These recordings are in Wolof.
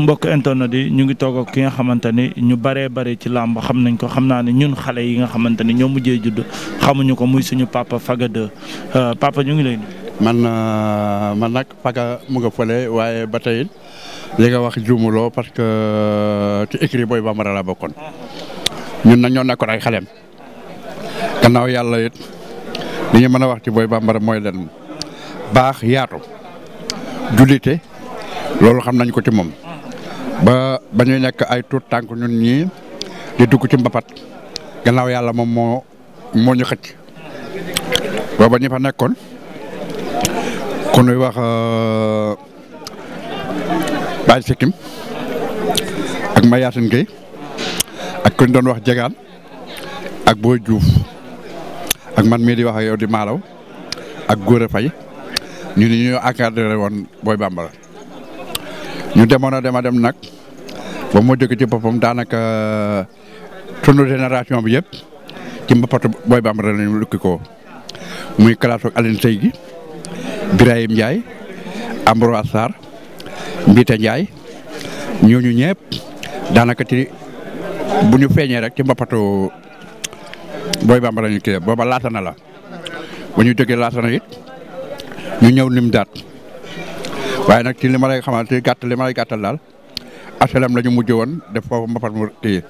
mbokk internet yi ñu ngi toogook ki nga xamante ni ñu baree bare ci làmb xam nañ ko xam naa ne ñun xale yi nga xamante ni ñoo mujjee judd xamuñu ko muy suñu papa Faga 2 euh, papa ñu ngi lay man euh, man nag Faga mu nga fële waaye ba tey li nga wax juumuloo parce que euh, ci écrit booy bambara laa bokkoon ñun nag ñoo nekkoon ay xaleem gannaaw yàlla it li ñu mën a wax ci booy bambara mooy leen baax yaatu jullite loolu xam nañ ko ci moom. ba ba ñuy nekk ay tuut tànk ñun ñii di dugg ci mbapat gannaaw yàlla moom moo moo ñu xëcc booba ñi fa nekkoon ku ñuy wax euh, Baye Sikkim ak Mayaasin Gueye ak ku doon wax Jegaan ak Boy Diouf ak man mii di wax yow di Malaw ak Góora fay ñu ni ñoo encadré woon Boy Bambara ñu demoon a dem a dem nag ba moo jóge ci boppam daanaka euh, sunu génération bi yëpp ci mbappatu Boy Bambara la ñu ko muy classe ak Aline Sey gi Birahim Ndiaye Ambroise Sarr Mbite Ndiaye ñooñu ñëpp daanaka ti bu ñu feeñee rek ci mbappatu Boy Bambara la ñu kii booba la bu ñu jógee laasana ñu ñëw nim daat waaye nag ci li ma lay xamante ni gàtt li ma lay gàttal daal HLM la mujj woon def foofu mbapat mu kii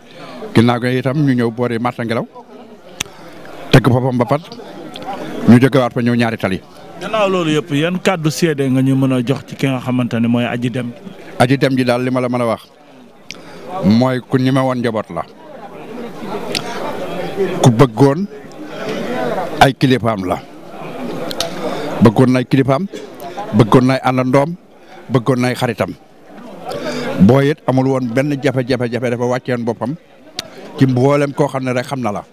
ginnaaw gi itam ñu ñëw boori marché ngelaw teg foofu mbapat ñu jógewaat fa ñëw ñaari tali. loolu yëpp yan kàddu seede nga ñu mën a jox ci ki nga xamante ne mooy aji dem. aji dem ji daal li ma la mën a wax mooy ku ñi woon njaboot la ku bëggoon ay kilifaam la bëggoon ay kilifaam. bëggoon nay ndoom bëggoon nay xaritam booy it amul woon benn jafe-jafe jafe dafa wàcceen boppam ci mboolem koo xam ne rek xam na la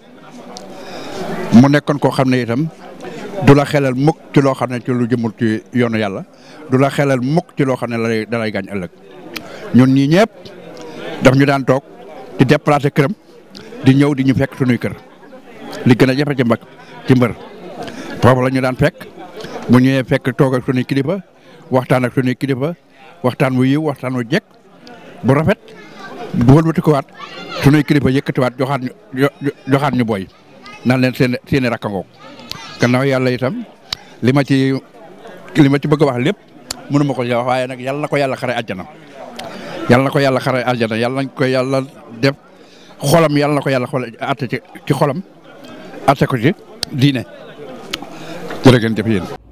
mu nekkoon koo xam ne itam du la xelel mukk ci loo xam ne ci lu jëmul ci yoonu yàlla du la xelal mukk ci loo xam ne da lay gaañ ëllëg ñun ñii ñëpp daf ñu daan toog di déplacer këram di ñëw di ñu fekk suñuy kër li gën a jafe ci mbag mbër foofu la ñu daan fekk. bu ñëwee fekk toog ak suñu waxtaan ak suñu kilifa waxtaan wu yiw waxtaan wu jekk bu rafet bu wëlbati ko waat suñuy kilifa yëkkatiwaat joxaat ñu booy naan leen seen seen i rakkangoog yàlla itam li ma ci li bëgg wax lépp mënu ko wax waaye nag yàlla na ko yàlla xare àjjana yàlla na ko yàlla xare àjjana yàlla nañ ko yàlla def xolam yàlla na ko yàlla xool atte ci ci xolam atte ko